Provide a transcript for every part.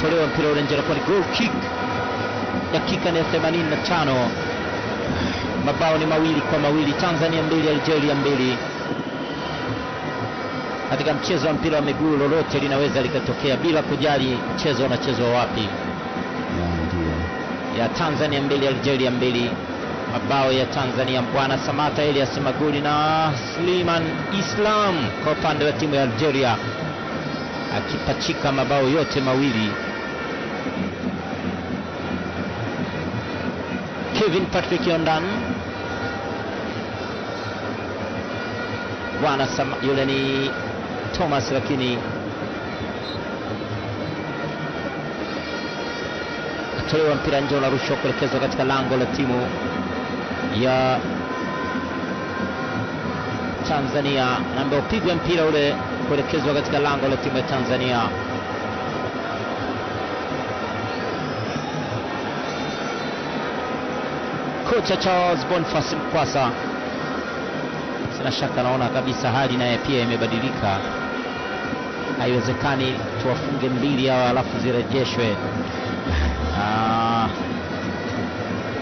Tolewa mpira ule nje, nakuwa ni goal kick. Dakika ni ya 85, mabao ni mawili kwa mawili, Tanzania mbili, Algeria mbili. Katika mchezo wa mpira wa miguu lolote linaweza likatokea bila kujali mchezo unachezwa wapi. Ya Tanzania mbili, Algeria mbili, mabao ya Tanzania Mbwana Samata, Elias Maguli na Sliman Islam kwa upande wa timu ya Algeria akipachika mabao yote mawili. kevin patrick Yondan. sama, yule ni Thomas, lakini tolewa mpira nje, unarushwa kuelekezwa katika lango la timu ya Tanzania, na ndio upigwa mpira ule kuelekezwa katika lango la timu ya Tanzania. kocha Charles Boniface Mkwasa. Sina shaka, naona kabisa hali naye pia imebadilika. Haiwezekani tuwafunge mbili hawa alafu zirejeshwe. Ah,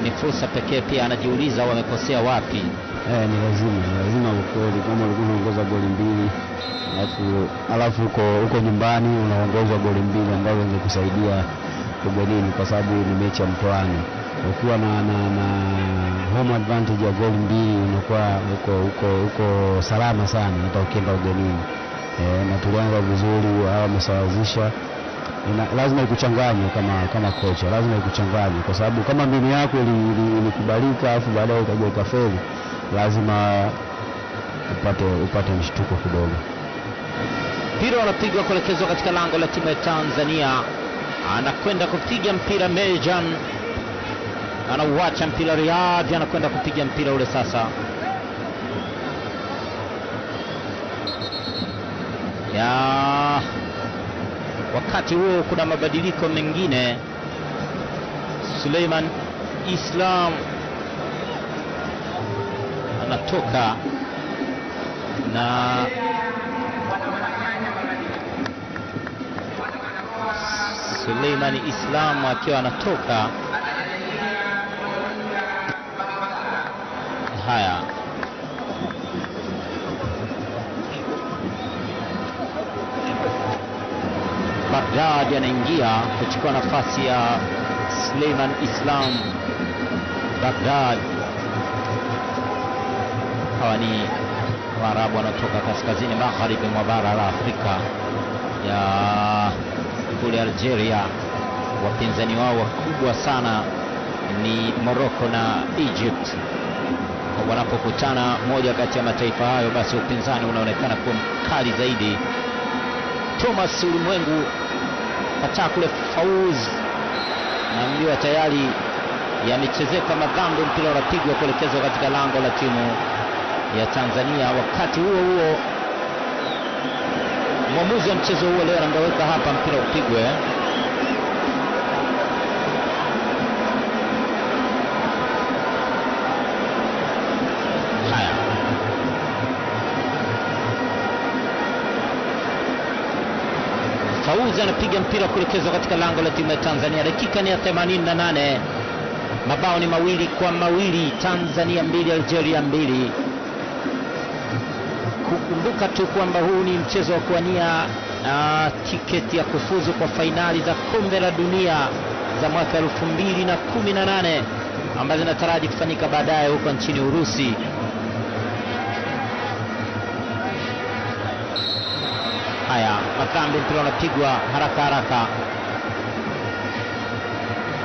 ni fursa pekee. Pia anajiuliza wamekosea wapi? Eh, ni lazima lazima ukweli, kama ulikuwa unaongoza goli mbili alafu uko uko nyumbani unaongozwa goli mbili ambazo zingekusaidia ugenini, kwa sababu ni mechi ya mtoano ukiwa na, na, na home advantage ya goli mbili unakuwa uko, uko, uko salama sana hata ukienda ugenini e, na tulianza vizuri, hawa wamesawazisha. Lazima ikuchanganye kama, kama kocha, lazima ikuchanganye kwa sababu kama mbinu yako ilikubalika afu baadaye ikaja ikafeli, lazima upate, upate mshtuko kidogo. Mpira unapigwa kuelekezwa katika lango la timu ya Tanzania, anakwenda kupiga mpira Mejan anauacha mpira Riyadi, anakwenda kupiga mpira ule sasa. Ya, wakati huo kuna mabadiliko mengine. Suleiman Islam anatoka na Suleiman Islam akiwa anatoka haya. Baghdad anaingia kuchukua nafasi ya Suleiman Islam. Baghdad hawa ni Waarabu wanatoka kaskazini magharibi mwa bara la Afrika ya kule Algeria. Wapinzani wao wakubwa sana ni Morocco na Egypt wanapokutana moja kati ya mataifa hayo, basi upinzani unaonekana kuwa mkali zaidi. Thomas Ulimwengu kataa kule Fauz naambiwa tayari yamechezeka madhambi, mpira unapigwa kuelekezwa katika lango la timu ya Tanzania. Wakati huo huo, mwamuzi wa mchezo huo leo anaweka hapa mpira upigwe Fauzi anapiga mpira kuelekezwa katika lango la timu ya Tanzania. Dakika ni ya 88, mabao ni mawili kwa mawili, Tanzania mbili Algeria mbili. Kukumbuka tu kwamba huu ni mchezo wa kuwania uh, tiketi ya kufuzu kwa fainali za kombe la dunia za mwaka 2018 ambazo zinataraji kufanyika baadaye huko nchini Urusi. haya makambi, mpira unapigwa haraka haraka.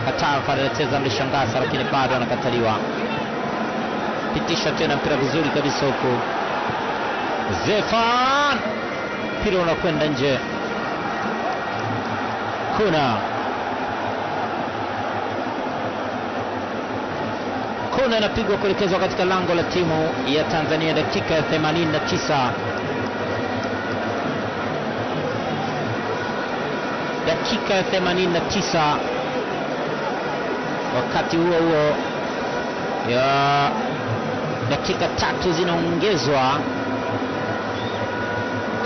Kataa pale anacheza mlishangasa, lakini bado anakataliwa. Pitisha tena mpira vizuri kabisa huku Zefan, mpira unakwenda nje. Kuna kuna inapigwa kuelekezwa katika lango la timu ya Tanzania, dakika ya 89 dakika ya 89. Wakati huo huo ya dakika tatu zinaongezwa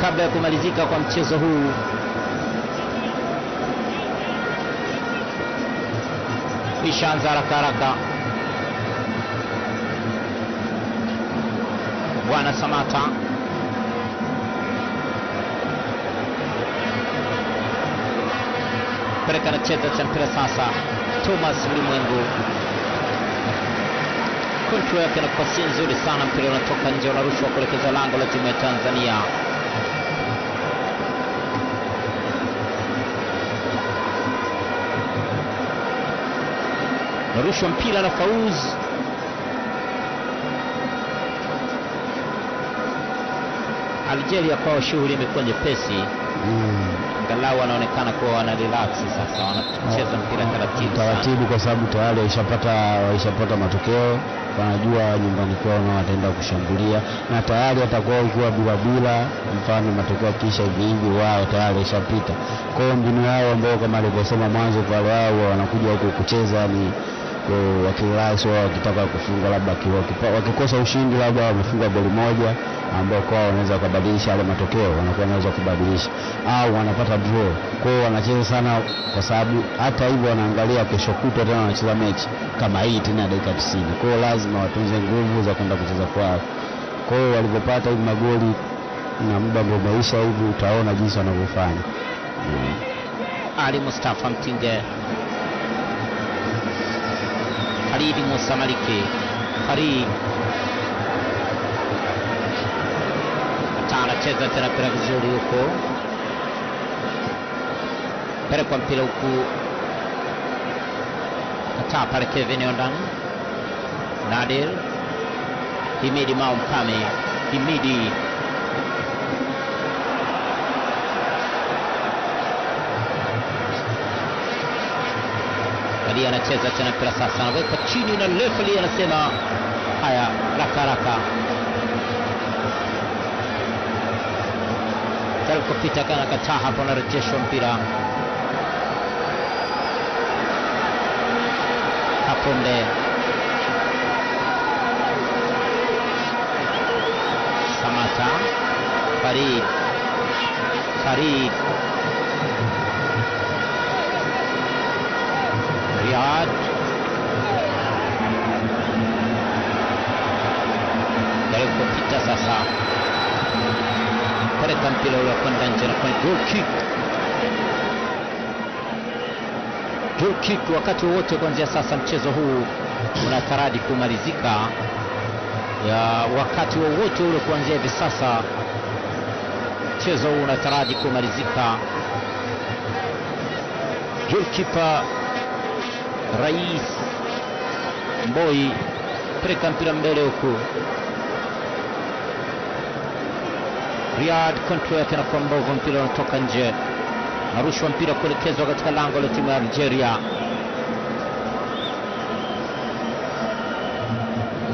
kabla ya kumalizika kwa mchezo huu. Ishaanza haraka haraka Bwana Samata kupeleka na cheza cha mpira sasa. Thomas Ulimwengu kontro yake na si nzuri sana, mpira unatoka nje, unarushwa kuelekeza lango la timu ya Tanzania. Narushwa mpira na Fauz Algeria kwa shughuli imekuwa nyepesi angalau wanaonekana kuwa wana relax sasa, wanacheza mpira taratibu taratibu, kwa sababu tayari waishapata waishapata matokeo, wanajua nyumbani kwao na wataenda kushambulia, na tayari atakuwa ukiwa bila bila, mfano matokeo kisha hivi hivi, wao tayari waishapita. Kwa hiyo mbinu yao ambayo kama alivyosema mwanzo, kwa wao wanakuja huko kucheza ni wakirelax wao wakitaka kufunga labda wakikosa ushindi labda wamefunga goli moja ambao kwa wanaweza kubadilisha yale matokeo, wanakuwa wanaweza kubadilisha au wanapata draw. Kwa hiyo wanacheza sana, kwa sababu hata hivyo wanaangalia kesho kutwa tena wanacheza mechi kama hii tena dakika 90. Kwa hiyo lazima watunze nguvu za kwenda kucheza kwao. Kwa hiyo walipopata hivi magoli na muda ndio umeisha hivi, utaona jinsi wanavyofanya. Ali Mustafa Mtinge Haribi Moussa Maliki Harib చాలా చేత ప్రగజుడు ఉప్పు పెరకొంపిల ఉప్పు చాపడకే విని ఉండాను నాడేర్ ఇమిడి మా ఉమ్కామే ఇమిడి aliyanaacheza tena mpira sasa, anawekwa chini na refli anasema haya, raka raka talikopita kana kataa hapo, anarejeshwa mpira Hapunde Samata Farid Farid kupita sasa. Peleka mpira ule kwenda nje na kufanya goal kick. Goal kick wakati wowote kuanzia sasa, mchezo huu una taradi kumalizika ya wakati wowote ule kuanzia hivi sasa, mchezo huu una taradi kumalizika. Goalkeeper Rais Mboi peleka mpira mbele huku Riyad kontro yake anakuwa mbovu, mpira unatoka nje, narushwa mpira kuelekezwa katika lango la timu ya Algeria.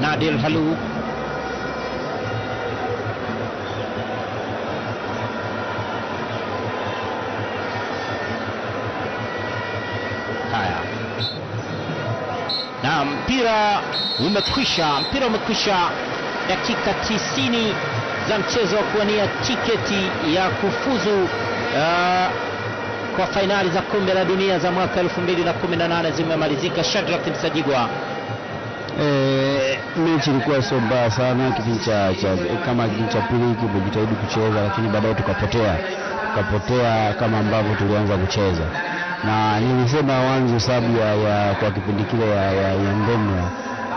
Nadir Halou na mpira umekwisha, mpira umekwisha, dakika tisini za mchezo wa kuwania tiketi ya kufuzu uh, kwa fainali za kombe la dunia za mwaka 2018 zimemalizika. Shadrack Msajigwa. E, mechi ilikuwa sio mbaya sana kipindi cha, cha kama kipindi cha pili kimejitahidi kucheza, lakini baadaye tukapotea tukapotea kama ambavyo tulianza kucheza, na nilisema wanzo sababu ya, ya kwa kipindi kile ya, ya, ya ngomya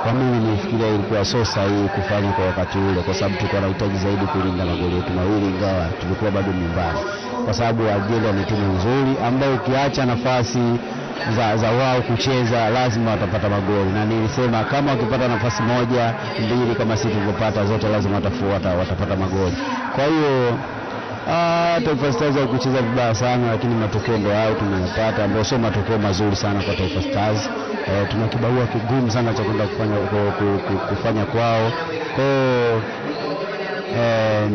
kwa mimi nifikiria ilikuwa sio sahihi kufanya kwa wakati ule, kwa sababu tulikuwa na uhitaji zaidi kulinda magoli yetu mawili, ingawa tulikuwa bado nyumbani, kwa sababu ajenda ni timu nzuri ambayo ukiacha nafasi za, za wao kucheza lazima watapata magoli, na nilisema kama wakipata nafasi moja mbili kama sisi tulivyopata zote, lazima watafuata watapata magoli. Kwa hiyo ah, Taifa Stars haikucheza vibaya sana, lakini matokeo ndio hayo tumeyapata, ambayo sio matokeo mazuri sana kwa Taifa Stars e, tuna kibarua kigumu sana cha kwenda kufanya, kufanya kwao kwao e, eh,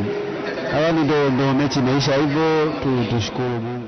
awali ndo mechi imeisha hivyo, tushukuru Mungu.